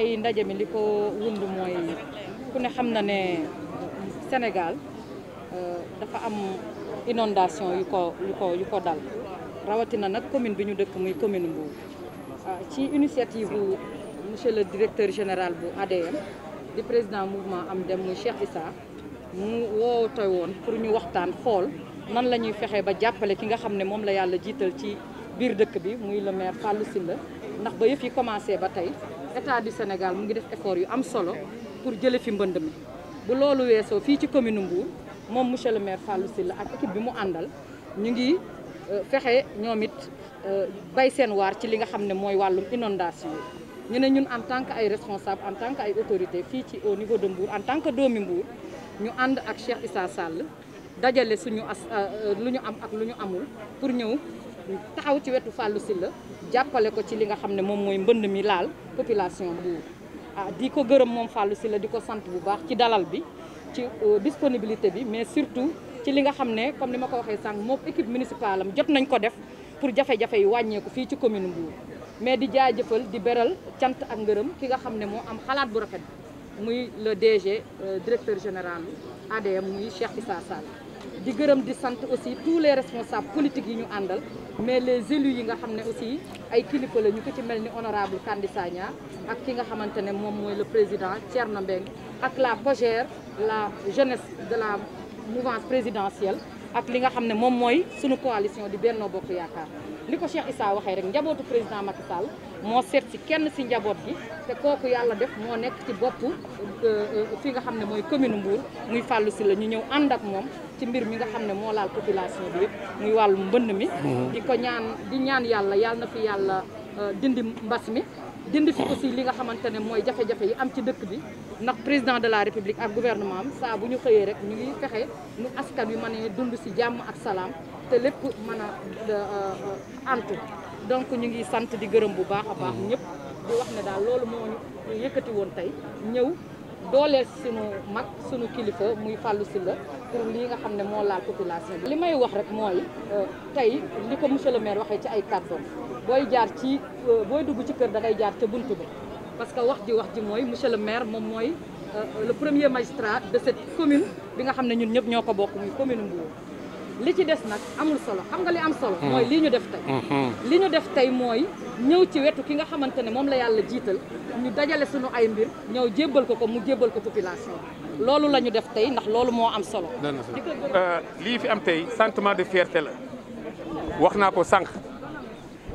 tey ndaje mi liko ko moy ku ne xam na ne euh dafa am inondation yu ko yu ko yu ko dal rawatina nag commune biñu dekk muy commune mbou euh, ci initiative bu monsieur le directeur général bu ADM di président mouvement am dem muy Cheikh Issa mu woote woon pour ñu waxtaan xol nan lañuy fexé ba jappalé ki nga xam mom la yalla jiital ci biir dekk bi muy le maire Fallou Sylla ndax ba yëf yi commencé ba tay état du Sénégal mu ngi def effort yu am solo pour jële fi mbënd mi bu loolu weesoo fii ci commune Mbour moom monsieur le maire si la ak équipe bi mu àndal ñu ngi euh, fexe ñoom it euh, bay seen waar ci li nga xam ne mooy wàllum inondation ñu ne ñun en tant que ay responsable en tant que ay autorité fii ci au niveau de Mbour en tant que doomi Mbour ñu ànd ak Cheikh Issa Sall dajale suñu as euh, lu ñu am ak lu ñu amul pour ñëw taxaw ci wetu Fallou Sylla jàppale ko ci li nga xam ne moom mooy mbënd mi laal population Mbour ah di ko gërëm moom Fallou Sylla di ko sant bu baax ci dalal bi ci euh, disponibilité bi mais surtout ci li nga xam ne comme ni ma ko waxee sànq moom équipe municipale am jot nañ ko def pour jafe-jafe yi wàññeeku fii ci commune Mbour mais di jaajëfal di beral cant ak ngërëm ki nga xam ne moo am xalaat bu rafet muy le DG euh, directeur général ADM muy Cheikh Issa Sall di gërëm di sant aussi tous les responsables politiques yi ñu àndal mais les élus yi nga xam ne aussi ay kilifa la ñu ko ci mel ni honorable Kandi Sagna ak ki nga xamante ne moom mooy le président Thierno Mbengue ak la COJER la jeunesse de la mouvance présidentielle ak li nga xam ne moom mooy suñu coalition di Benno Bokk Yaakaar li ko Cheikh Issa waxee rek njabootu président Macky Sall moo seet ci kenn si njaboot gi te kooku yàlla def moo nekk ci bopp euh, fi nga xam ne mooy commune Mbour muy si la ñu ñëw ànd ak moom ci mbir mi nga xam ne moo laal population bi yëpp muy wàllum mbënn mi mm-hmm. di ko ñaan di ñaan yàlla yàlla na fi yàlla euh, dindi mbas mi dindi fi aussi li nga xamante ne mooy jafe-jafe yi am ci dëkk bi ndax président de la république ak gouvernement am bu ñu xëyee rek ñu ngi fexe nu askan bi mën a dund si jàmm ak salaam te lépp mën a euh, ant donc ñu ngi sant di gërëm bu baax a baax ñëpp di wax ne daal loolu moo ñu yëkkati woon tey ñëw dooleel sunu mag sunu kilifa muy Fallou la pour lii nga xam ne moo laal population bi. li may wax rek mooy euh, tey li ko monsieur le maire waxee ci ay kàddoom booy jaar ci euh, booy dugg ci kër da ngay jaar ca bunt ba parce que wax ji wax ji mooy monsieur le maire moom mooy euh, le premier magistrat de cette commune bi nga xam ne ñun ñëpp ñoo ko bokk muy commune Mbour li ci des nag amul solo xam nga li am solo hmm. mooy li ñu def tey hmm, hmm. li ñu def tey mooy ñëw ci wetu ki nga xamante ne moom la yàlla jiital ñu dajale suñu ay mbir ñëw jébbal ko ko mu jébbal ko population loolu la ñu def tey ndax loolu moo am solo euh, lii fi am tey sentiment de fierté la wax naa ko sànq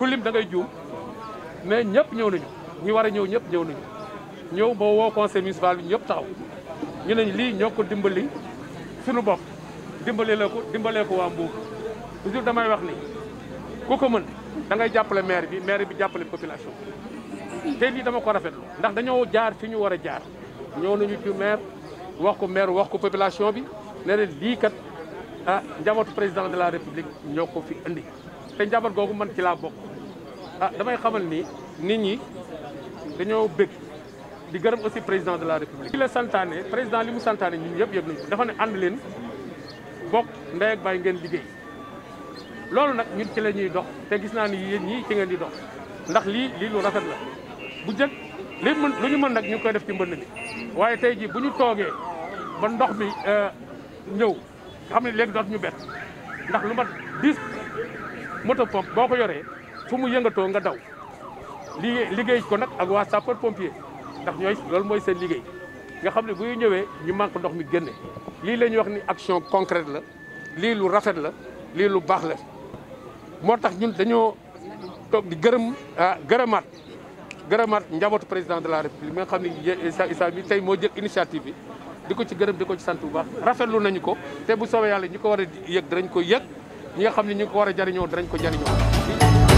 ku lim da ngay juum mais ñëpp ñëw nañu ñi war a ñëw ñëpp ñëw nañu ñëw ba woo conseil municipal bi ñëpp taxaw ñu ne lii ñoo ko dimbali sunu bopp dimbali la ko dimbalee ko waa Mbour toujours damay wax ni ku ko mën da ngay jàppale maire bi maire bi jàppale population te lii dama ko rafetlu ndax dañoo jaar fi ñu war a jaar ñëw nañu ci maire wax ko maire wax ko population bi ne leen lii kat ah njabootu président de la république ñoo ko fi indi te njaboot googu man ci laa bokk ah damay xamal ni nit ñi dañoo bëgg di gërëm aussi président de la république. li la santaane président li mu santaane ñun yëpp yëpp nañu dafa ne ànd leen bokk ndey ak ngeen liggéey loolu nag ñun ci la ñuy dox te gis naa ni yéen ci ngeen di dox ndax lii lii lu rafet la bu jën li lu ñu mën nag ñu koy def ci mbënd mi waaye tey jii bu ñu toogee ba ndox mi euh, ñëw xam ne léegi ñu bett ndax lu mat 10 moto pompe boo ko yoree. fu mu yëngatoo nga daw liggéey liggéey ko nag ak waa sapeur pompier ndax ñooy loolu mooy seen liggéey nga xam ne bu ñëwee ñu manque ndox mi génne lii la ñuy wax ni action concrète la lii lu rafet la lii lu baax la moo tax ñun dañoo toog di gërëm ah gërëmaat gërëmaat njabootu président de la république mi nga xam ne Issa bi tey moo jël initiative bi di ko ci gërëm di ko ci sant bu baax rafetlu nañu ko te bu soobee yàlla ñi ko war a yëg dinañ ko yëg ñi nga xam ne ñu ko war a jariñoo dinañ ko jariñoo